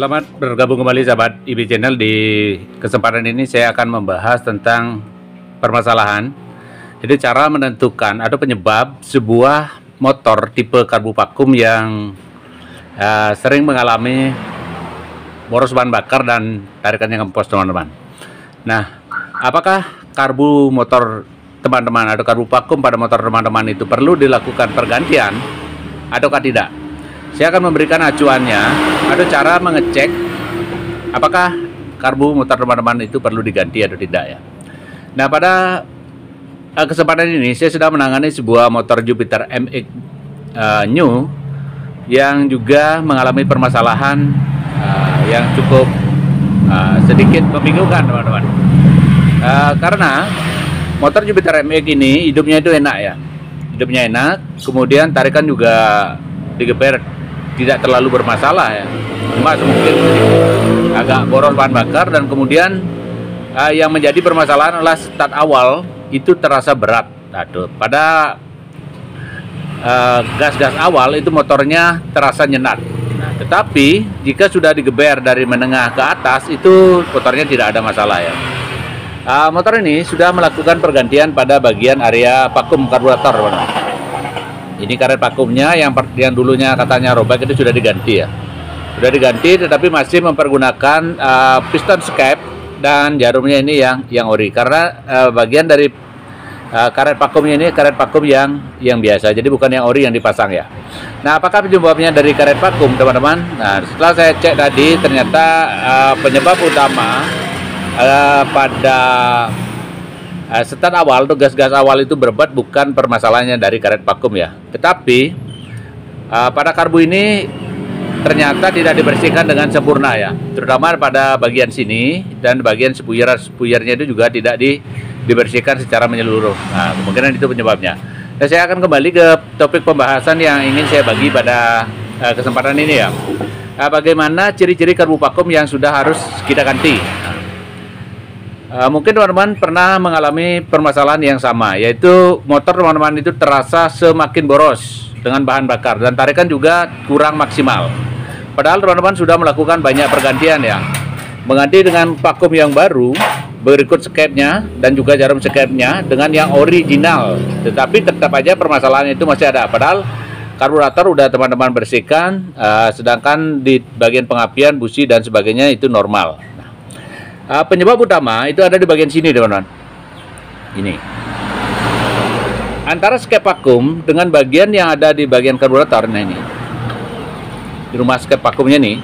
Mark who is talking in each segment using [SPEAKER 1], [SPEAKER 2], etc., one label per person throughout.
[SPEAKER 1] Selamat bergabung kembali sahabat IB Channel. Di kesempatan ini saya akan membahas tentang permasalahan. Jadi cara menentukan atau penyebab sebuah motor tipe karbu vakum yang uh, sering mengalami boros bahan bakar dan tarikannya kempos teman-teman. Nah, apakah karbu motor teman-teman atau karbu vakum pada motor teman-teman itu perlu dilakukan pergantian ataukah tidak? Saya akan memberikan acuannya. Ada cara mengecek apakah karbu motor teman-teman itu perlu diganti atau tidak ya. Nah, pada eh, kesempatan ini saya sudah menangani sebuah motor Jupiter MX uh, eh, New yang juga mengalami permasalahan uh, yang cukup uh, sedikit membingungkan teman-teman. Uh, karena motor Jupiter MX ini hidupnya itu enak ya, hidupnya enak, kemudian tarikan juga digeber tidak terlalu bermasalah ya cuma mungkin agak boros bahan bakar dan kemudian uh, yang menjadi permasalahan adalah start awal itu terasa berat aduh pada eh, gas-gas uh, awal itu motornya terasa nyenat nah, tetapi jika sudah digeber dari menengah ke atas itu motornya tidak ada masalah ya uh, motor ini sudah melakukan pergantian pada bagian area vakum karburator ini karet vakumnya yang yang dulunya katanya robek itu sudah diganti ya sudah diganti tetapi masih mempergunakan uh, piston scape dan jarumnya ini yang yang ori karena uh, bagian dari uh, karet vakumnya ini karet vakum yang yang biasa jadi bukan yang ori yang dipasang ya nah apakah penyebabnya dari karet vakum teman-teman nah setelah saya cek tadi ternyata uh, penyebab utama uh, pada Eh, Setan awal atau gas-gas awal itu berbuat bukan permasalahannya dari karet vakum ya. Tetapi uh, pada karbu ini ternyata tidak dibersihkan dengan sempurna ya. Terutama pada bagian sini dan bagian sepuyer-sepuyernya itu juga tidak di, dibersihkan secara menyeluruh. Nah, kemungkinan itu penyebabnya. nah, saya akan kembali ke topik pembahasan yang ingin saya bagi pada uh, kesempatan ini ya. bagaimana ciri-ciri karbu vakum yang sudah harus kita ganti? Eh, mungkin teman-teman pernah mengalami permasalahan yang sama, yaitu motor teman-teman itu terasa semakin boros dengan bahan bakar dan tarikan juga kurang maksimal. Padahal teman-teman sudah melakukan banyak pergantian ya, mengganti dengan vakum yang baru, berikut skepnya dan juga jarum skepnya dengan yang original. Tetapi tetap aja permasalahan itu masih ada. Padahal karburator udah teman-teman bersihkan, uh, sedangkan di bagian pengapian, busi dan sebagainya itu normal uh, penyebab utama itu ada di bagian sini teman-teman ini antara skepakum dengan bagian yang ada di bagian karburator nah ini di rumah skepakumnya vakumnya nih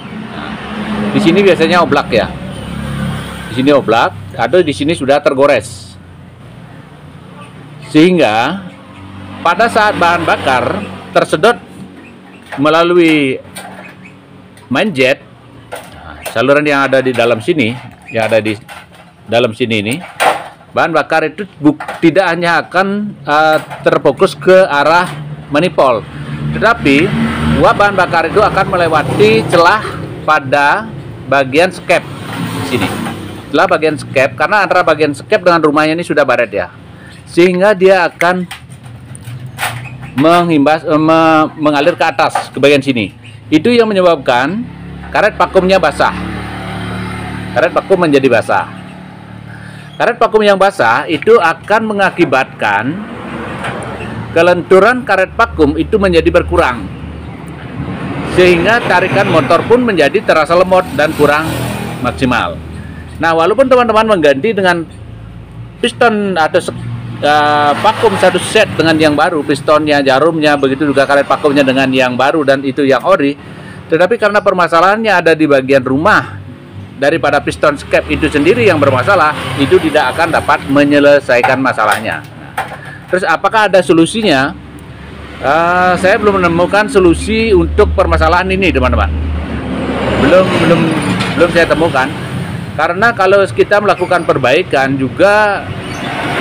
[SPEAKER 1] di sini biasanya oblak ya di sini oblak atau di sini sudah tergores sehingga pada saat bahan bakar tersedot melalui main jet nah, saluran yang ada di dalam sini yang ada di dalam sini ini bahan bakar itu buk, tidak hanya akan uh, terfokus ke arah manifold tetapi uap bahan bakar itu akan melewati celah pada bagian skep sini celah bagian skep karena antara bagian skep dengan rumahnya ini sudah baret ya sehingga dia akan menghimbas eh, me, mengalir ke atas ke bagian sini itu yang menyebabkan karet vakumnya basah karet vakum menjadi basah. Karet vakum yang basah itu akan mengakibatkan kelenturan karet vakum itu menjadi berkurang. Sehingga tarikan motor pun menjadi terasa lemot dan kurang maksimal. Nah, walaupun teman-teman mengganti dengan piston atau uh, vakum satu set dengan yang baru, pistonnya, jarumnya, begitu juga karet vakumnya dengan yang baru dan itu yang ori, tetapi karena permasalahannya ada di bagian rumah daripada piston skep itu sendiri yang bermasalah itu tidak akan dapat menyelesaikan masalahnya terus apakah ada solusinya uh, saya belum menemukan solusi untuk permasalahan ini teman-teman belum belum belum saya temukan karena kalau kita melakukan perbaikan juga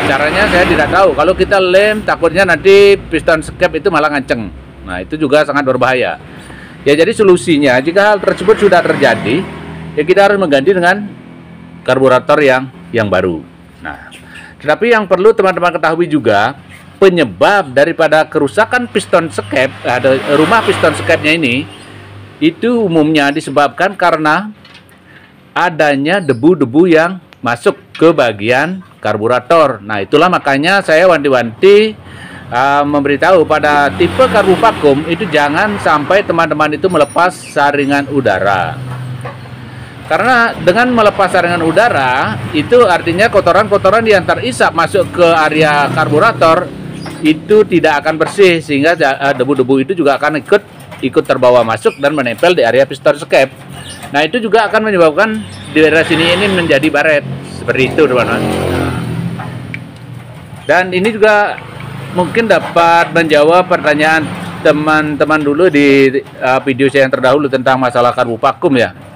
[SPEAKER 1] caranya saya tidak tahu kalau kita lem takutnya nanti piston skep itu malah nganceng nah itu juga sangat berbahaya ya jadi solusinya jika hal tersebut sudah terjadi ya kita harus mengganti dengan karburator yang yang baru. Nah, tetapi yang perlu teman-teman ketahui juga penyebab daripada kerusakan piston skep ada rumah piston skepnya ini itu umumnya disebabkan karena adanya debu-debu yang masuk ke bagian karburator. Nah, itulah makanya saya wanti-wanti uh, memberitahu pada tipe karbu vakum itu jangan sampai teman-teman itu melepas saringan udara. Karena dengan melepas saringan udara, itu artinya kotoran-kotoran di antar isap masuk ke area karburator itu tidak akan bersih sehingga eh, debu-debu itu juga akan ikut ikut terbawa masuk dan menempel di area piston skep. Nah, itu juga akan menyebabkan di daerah sini ini menjadi baret. Seperti itu, teman-teman. Dan ini juga mungkin dapat menjawab pertanyaan teman-teman dulu di eh, video saya yang terdahulu tentang masalah karbu vakum ya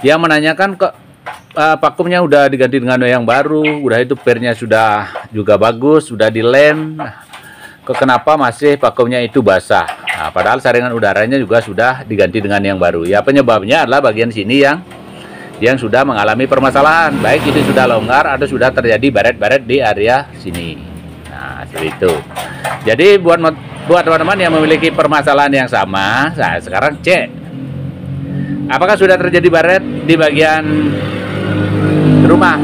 [SPEAKER 1] dia menanyakan kok uh, vakumnya udah diganti dengan yang baru, udah itu pernya sudah juga bagus, sudah dilem. Nah, kenapa masih pakumnya itu basah? Nah, padahal saringan udaranya juga sudah diganti dengan yang baru. Ya penyebabnya adalah bagian sini yang yang sudah mengalami permasalahan, baik itu sudah longgar atau sudah terjadi baret-baret di area sini. Nah seperti itu. Jadi buat buat teman-teman yang memiliki permasalahan yang sama, nah sekarang cek Apakah sudah terjadi baret di bagian rumah?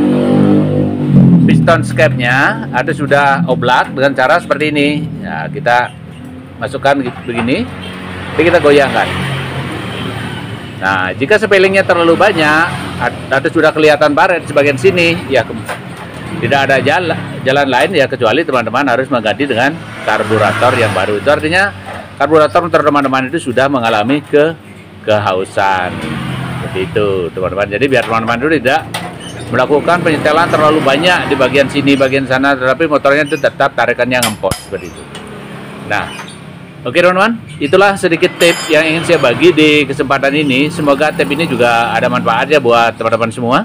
[SPEAKER 1] Piston scape-nya ada sudah oblak dengan cara seperti ini. Ya, kita masukkan begini, jadi kita goyangkan. Nah, jika sepelingnya terlalu banyak atau sudah kelihatan baret di bagian sini, ya tidak ada jalan jalan lain ya kecuali teman-teman harus mengganti dengan karburator yang baru. Itu artinya karburator teman-teman itu sudah mengalami ke kehausan seperti itu teman-teman jadi biar teman-teman dulu tidak melakukan penyetelan terlalu banyak di bagian sini bagian sana tetapi motornya itu tetap tarikannya ngempot seperti itu nah Oke teman-teman, itulah sedikit tip yang ingin saya bagi di kesempatan ini. Semoga tip ini juga ada manfaatnya buat teman-teman semua.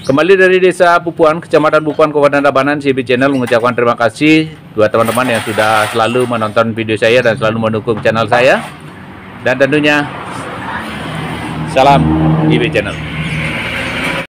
[SPEAKER 1] Kembali dari Desa Pupuan, Kecamatan Pupuan, Kabupaten Tabanan, CB Channel mengucapkan terima kasih buat teman-teman yang sudah selalu menonton video saya dan selalu mendukung channel saya. Dan tentunya salam IB channel